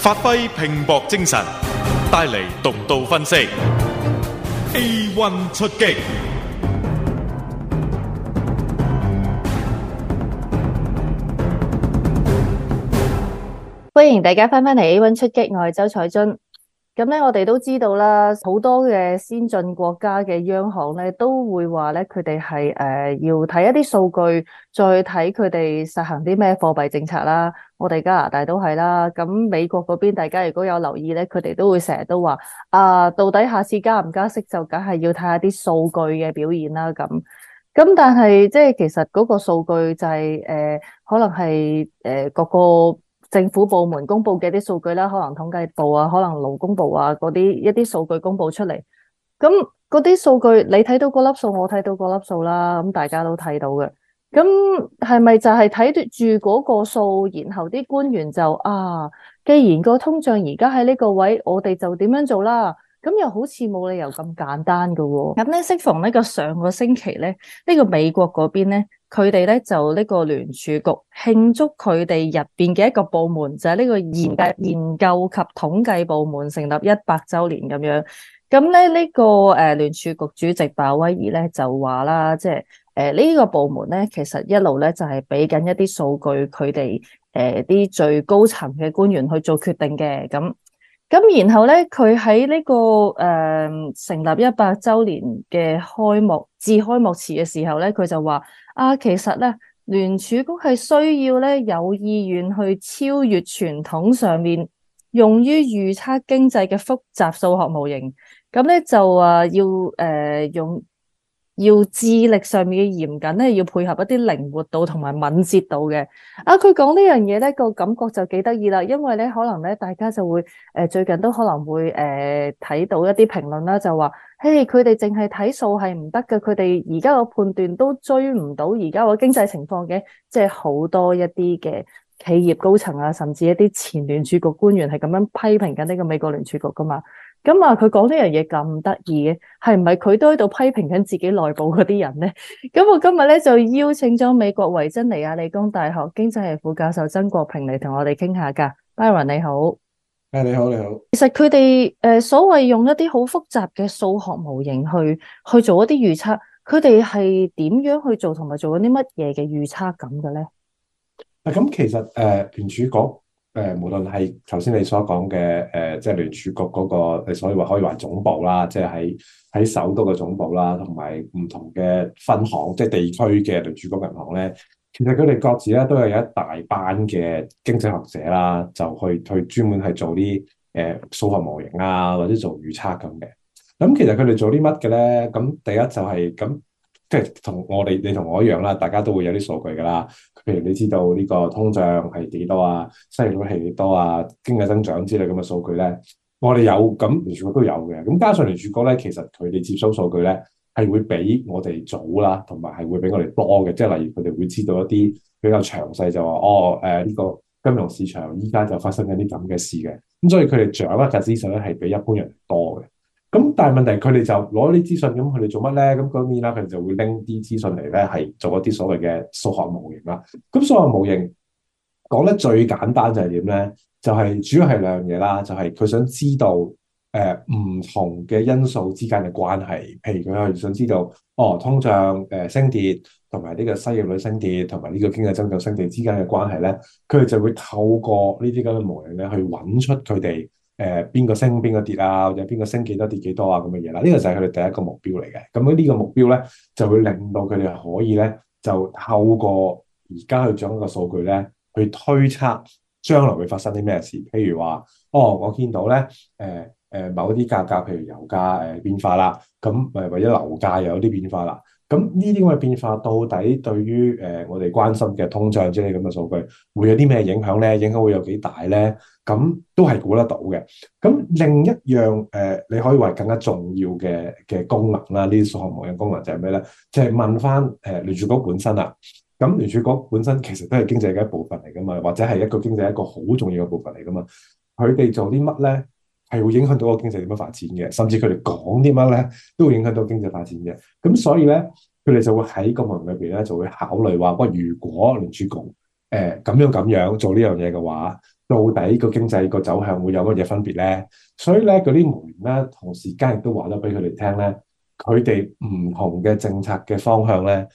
發揮拼搏精神，帶嚟獨到分析。A one 出擊，歡迎大家翻返嚟 A one 出擊，我係周采蓁。咁咧，我哋都知道啦，好多嘅先進國家嘅央行咧，都會話咧，佢哋係誒要睇一啲數據，再睇佢哋實行啲咩貨幣政策啦。我哋加拿大都係啦。咁美國嗰邊，大家如果有留意咧，佢哋都會成日都話啊，到底下次加唔加息，就梗係要睇下啲數據嘅表現啦。咁咁，但係即係其實嗰個數據就係誒，可能係誒各個政府部門公布嘅啲數據啦，可能統計部啊，可能勞工部啊嗰啲一啲數據公布出嚟，咁嗰啲數據你睇到個粒數，我睇到個粒數啦，咁大家都睇到嘅，咁係咪就係睇住嗰個數，然後啲官員就啊，既然個通脹而家喺呢個位，我哋就點樣做啦？咁又好似冇理由咁簡單嘅喎、哦。咁咧、嗯，適逢呢個上個星期咧，呢、呢個美國嗰邊咧。佢哋咧就呢個聯儲局慶祝佢哋入邊嘅一個部門就係呢個研究研究及統計部門成立一百周年咁樣。咁咧呢個誒聯儲局主席鮑威爾咧就話啦，即係誒呢個部門咧其實一路咧就係俾緊一啲數據佢哋誒啲最高層嘅官員去做決定嘅咁。咁然後咧，佢喺呢個誒、呃、成立一百周年嘅開幕至開幕詞嘅時候咧，佢就話啊，其實咧聯儲局係需要咧有意願去超越傳統上面用於預測經濟嘅複雜數學模型，咁咧就話要誒、呃、用。要智力上面嘅嚴謹，咧，要配合一啲靈活度同埋敏捷度嘅。啊，佢講呢樣嘢咧，個感覺就幾得意啦。因為咧，可能咧，大家就會誒、呃、最近都可能會誒睇、呃、到一啲評論啦，就話：嘿，佢哋淨係睇數係唔得嘅，佢哋而家個判斷都追唔到而家個經濟情況嘅。即係好多一啲嘅企業高層啊，甚至一啲前聯儲局官員係咁樣批評緊呢個美國聯儲局噶嘛。咁啊，佢講呢樣嘢咁得意嘅，係唔係佢都喺度批評緊自己內部嗰啲人咧？咁我今日咧就邀請咗美國維珍尼亞理工大學經濟系副教授曾國平嚟同我哋傾下噶。Byron 你好，誒，你好你好。你好，其實佢哋誒所謂用一啲好複雜嘅數學模型去去做一啲預測，佢哋係點樣去做同埋做緊啲乜嘢嘅預測咁嘅咧？啊，咁，其實誒、呃，聯儲局。誒，無論係頭先你所講嘅誒，即係聯儲局嗰個，你，所以話可以話總部啦，即係喺喺首都嘅總部啦，同埋唔同嘅分行，即係地區嘅聯儲局銀行咧，其實佢哋各自咧都係有一大班嘅經濟學者啦，就去去專門係做啲誒、呃、數學模型啊，或者做預測咁嘅。咁其實佢哋做啲乜嘅咧？咁第一就係咁。即係同我哋，你同我一樣啦，大家都會有啲數據噶啦。譬如你知道呢個通脹係幾多啊，失業率係幾多啊，經濟增長之類咁嘅數據咧，我哋有，咁聯儲局都有嘅。咁加上聯儲局咧，其實佢哋接收數據咧係會比我哋早啦，同埋係會比我哋多嘅。即係例如佢哋會知道一啲比較詳細，就話哦誒呢個金融市場依家就發生緊啲咁嘅事嘅。咁所以佢哋掌握嘅資訊咧係比一般人多嘅。咁但係問題，佢哋就攞啲資訊，咁佢哋做乜咧？咁嗰邊啦，佢哋就會拎啲資訊嚟咧，係做一啲所謂嘅數學模型啦。咁數學模型講得最簡單就係點咧？就係主要係兩樣嘢啦，就係佢想知道誒唔同嘅因素之間嘅關係。譬如佢係想知道，哦，通脹誒升跌，同埋呢個失業率升跌，同埋呢個經濟增長升跌之間嘅關係咧，佢哋就會透過呢啲咁嘅模型咧，去揾出佢哋。誒邊、呃、個升邊個跌啊，或者邊個升幾多跌幾多，多啊咁嘅嘢啦，呢個就係佢哋第一個目標嚟嘅。咁呢個目標咧，就會令到佢哋可以咧，就透過而家去掌握數據咧，去推測將來會發生啲咩事。譬如話，哦，我見到咧，誒、呃、誒、呃、某一啲價格，譬如油價誒、呃、變化啦，咁誒或者樓價又有啲變化啦。咁呢啲咁嘅變化，到底對於誒、呃、我哋關心嘅通脹之類咁嘅數據，會有啲咩影響咧？影響會有幾大咧？咁都係估得到嘅。咁另一樣誒、呃，你可以話更加重要嘅嘅功能啦，呢啲數學模型功能就係咩咧？就係、是、問翻誒聯儲局本身喇。咁聯儲局本身其實都係經濟嘅一部分嚟㗎嘛，或者係一個經濟一個好重要嘅部分嚟㗎嘛。佢哋做啲乜咧？係會影響到個經濟點樣發展嘅，甚至佢哋講啲乜咧，都會影響到經濟發展嘅。咁所以咧，佢哋就會喺個群入邊咧，就會考慮話：喂，如果聯儲局誒咁、呃、樣咁樣做呢樣嘢嘅話，到底個經濟個走向會有乜嘢分別咧？所以咧，嗰啲會員咧，同時間亦都話咗俾佢哋聽咧，佢哋唔同嘅政策嘅方向咧，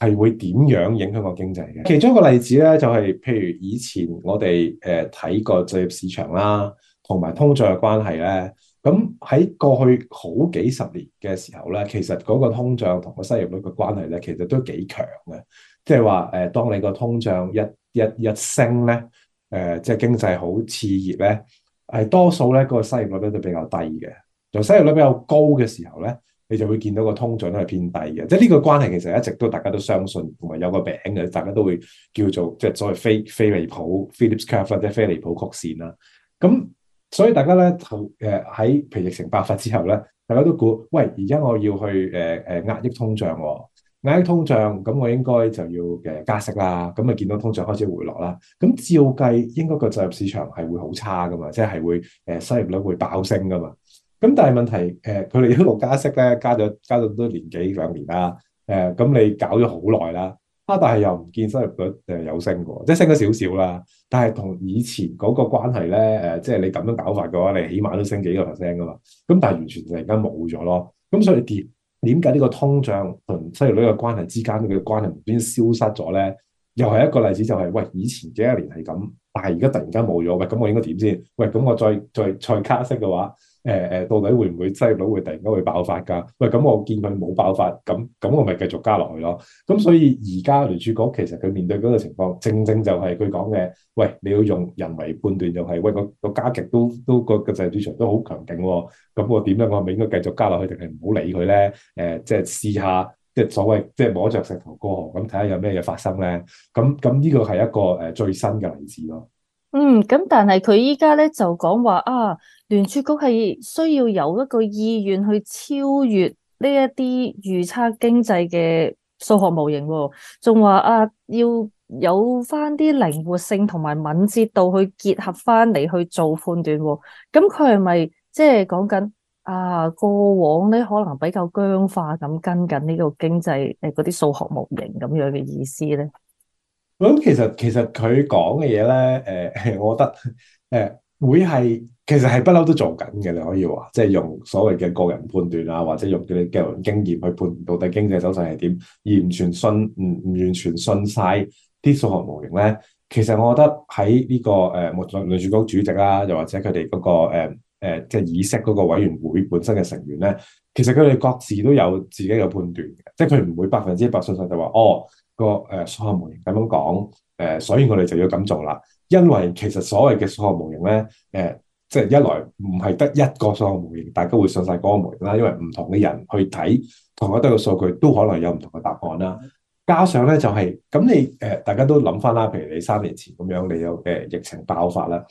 係會點樣影響個經濟嘅。其中一個例子咧，就係、是、譬如以前我哋誒睇個就業市場啦。同埋通脹嘅關係咧，咁喺過去好幾十年嘅時候咧，其實嗰個通脹同個失業率嘅關係咧，其實都幾強嘅。即係話，誒，當你個通脹一一一升咧，誒，即係經濟好熾熱咧，係多數咧個失業率咧就比較低嘅。就失業率比較高嘅時候咧，你就會見到個通脹都係偏低嘅。即係呢個關係，其實一直都大家都相信，同埋有個名嘅，大家都會叫做即係所謂菲菲利普菲利普斯曲線或者菲利浦曲線啦。咁所以大家咧，投誒喺譬如疫情爆發之後咧，大家都估，喂，而家我要去誒誒、呃呃、壓抑通脹喎、哦，壓抑通脹，咁我應該就要誒加息啦，咁咪見到通脹開始回落啦，咁照計應該個就業市場係會好差噶嘛，即、就、係、是、會誒、呃、失業率會爆升噶嘛，咁但係問題誒，佢、呃、哋一路加息咧，加咗加咗都年幾兩年啦，誒、呃，咁你搞咗好耐啦。但係又唔見失業率誒、呃、有升過，即係升咗少少啦。但係同以前嗰個關係咧誒、呃，即係你咁樣搞法嘅話，你起碼都升幾個 percent 噶嘛。咁但係完全突然間冇咗咯。咁所以點點解呢個通脹同失業率嘅關係之間嘅、這個、關係唔端消失咗咧？又係一個例子就係、是、喂，以前幾年係咁，但係而家突然間冇咗喂，咁我應該點先？喂，咁我再再再，再加息嘅話？誒誒，到底會唔會西藥會突然間會爆發噶？喂，咁我見佢冇爆發，咁咁我咪繼續加落去咯。咁所以而家聯儲局其實佢面對嗰個情況，正正就係佢講嘅，喂，你要用人為判斷、就是哦呃，就係喂個個加極都都個個市場都好強勁，咁我點樣咧？我咪應該繼續加落去，定係唔好理佢咧？誒，即係試下，即係所謂即係摸着石頭過河，咁睇下有咩嘢發生咧。咁咁呢個係一個誒最新嘅例子咯。嗯，咁但係佢依家咧就講話啊，聯儲局係需要有一個意願去超越呢一啲預測經濟嘅數學模型喎。仲話啊，要有翻啲靈活性同埋敏捷度去結合翻嚟去做判斷喎。咁佢係咪即係講緊啊過往咧可能比較僵化咁跟緊呢個經濟誒嗰啲數學模型咁樣嘅意思咧？咁其實其實佢講嘅嘢咧，誒、呃，我覺得誒、呃、會係其實係不嬲都做緊嘅，你可以話即係用所謂嘅個人判斷啊，或者用佢哋嘅人經驗去判斷到底經濟走勢係點，完全信唔唔完全信晒啲數學模型咧。其實我覺得喺呢、這個誒，美聯儲局主席啦、啊，又或者佢哋嗰個誒誒、呃，即係議息嗰個委員會本身嘅成員咧，其實佢哋各自都有自己嘅判斷嘅，即係佢唔會百分之一百相信就話哦。個誒，數學模型咁樣講，誒、呃，所以我哋就要咁做啦。因為其實所謂嘅數學模型咧，誒、呃，即、就、係、是、一來唔係得一個數學模型，大家會信晒嗰個模型啦。因為唔同嘅人去睇同一堆嘅數據，都可能有唔同嘅答案啦。加上咧就係、是、咁，你誒、呃，大家都諗翻啦。譬如你三年前咁樣，你有誒疫情爆發啦。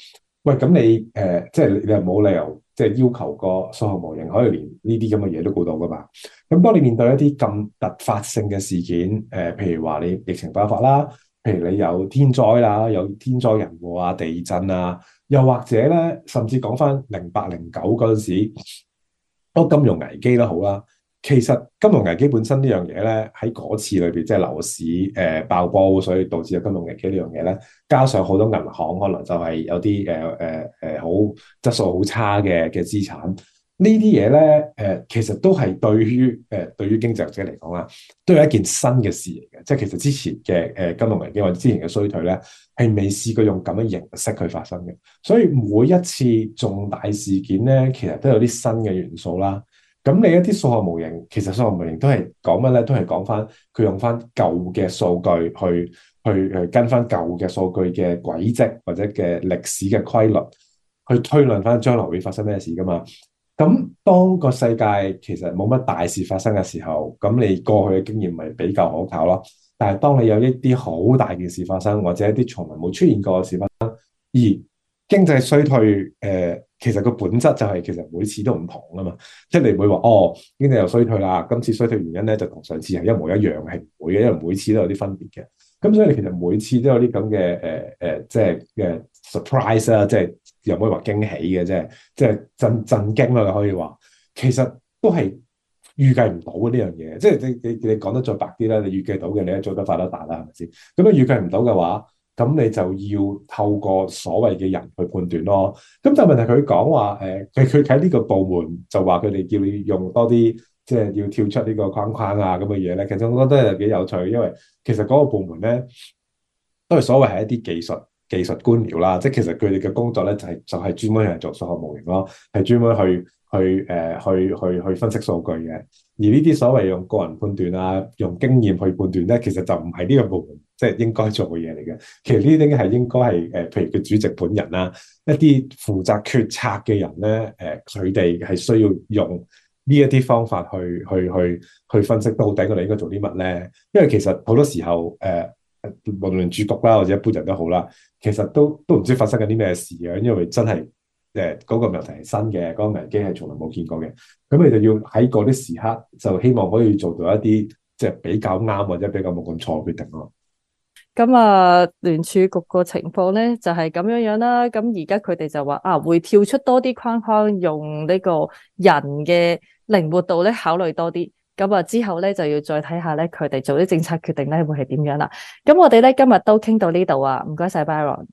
喂，咁你誒，即、呃、係、就是、你又冇理由。即係要求個數學模型可以連呢啲咁嘅嘢都估到噶嘛？咁當你面對一啲咁突發性嘅事件，誒、呃，譬如話你疫情爆發啦，譬如你有天災啦，有天災人禍啊、地震啊，又或者咧，甚至講翻零八零九嗰陣時，都金融危機都好啦。其實金融危機本身呢樣嘢咧，喺嗰次裏邊即係樓市誒、呃、爆波，所以導致咗金融危機呢樣嘢咧，加上好多銀行可能就係有啲誒誒誒好質素好差嘅嘅資產，呢啲嘢咧誒，其實都係對於誒、呃、對於經濟學者嚟講啦，都係一件新嘅事嚟嘅，即係其實之前嘅誒、呃、金融危機或者之前嘅衰退咧，係未試過用咁嘅形式去發生嘅，所以每一次重大事件咧，其實都有啲新嘅元素啦。咁你一啲數學模型，其實數學模型都係講乜咧？都係講返佢用返舊嘅數據去去去跟返舊嘅數據嘅軌跡或者嘅歷史嘅規律，去推論返將來會發生咩事㗎嘛？咁當個世界其實冇乜大事發生嘅時候，咁你過去嘅經驗咪比較可靠咯。但係當你有一啲好大件事發生，或者一啲從來冇出現過嘅事發生，而經濟衰退，誒、呃，其實個本質就係其實每次都唔同噶嘛，即係你唔會話哦，經濟又衰退啦。今次衰退原因咧就同上次係一模一樣，係唔會嘅，因為每次都有啲分別嘅。咁所以你其實每次都有啲咁嘅誒誒，即係嘅、呃、surprise 啊，即係又唔可以話驚喜嘅，即係即係震震驚啦，你可以話。其實都係預計唔到嘅呢樣嘢，即係你你你講得再白啲啦，你預計到嘅，你係做得快得大啦，係咪先？咁樣預計唔到嘅話。咁你就要透過所謂嘅人去判斷咯。咁但係問題佢講話，誒、呃，佢佢喺呢個部門就話佢哋叫你用多啲，即、就、係、是、要跳出呢個框框啊咁嘅嘢咧。其實我覺得係幾有趣，因為其實嗰個部門咧，都係所謂係一啲技術技術官僚啦，即係其實佢哋嘅工作咧就係、是、就係、是、專門嚟做數學模型咯，係專門去。去誒去去去分析數據嘅，而呢啲所謂用個人判斷啊，用經驗去判斷咧，其實就唔係呢個部門即係應該做嘅嘢嚟嘅。其實呢啲係應該係誒，譬如個主席本人啦，一啲負責決策嘅人咧，誒佢哋係需要用呢一啲方法去去去去分析，到底佢哋你應該做啲乜咧？因為其實好多時候誒、呃，無論儲局啦或者一般人都好啦，其實都都唔知發生緊啲咩事嘅，因為真係。誒，嗰個問題係新嘅，嗰個危機係從來冇見過嘅。咁你就要喺嗰啲時刻，就希望可以做到一啲即係比較啱或者比較冇咁錯嘅決定咯。咁啊，聯儲局個情況咧就係咁樣樣啦。咁而家佢哋就話啊，會跳出多啲框框，用呢個人嘅靈活度咧考慮多啲。咁啊之後咧就要再睇下咧，佢哋做啲政策決定咧會係點樣啦。咁我哋咧今日都傾到呢度啊，唔該晒，Byron。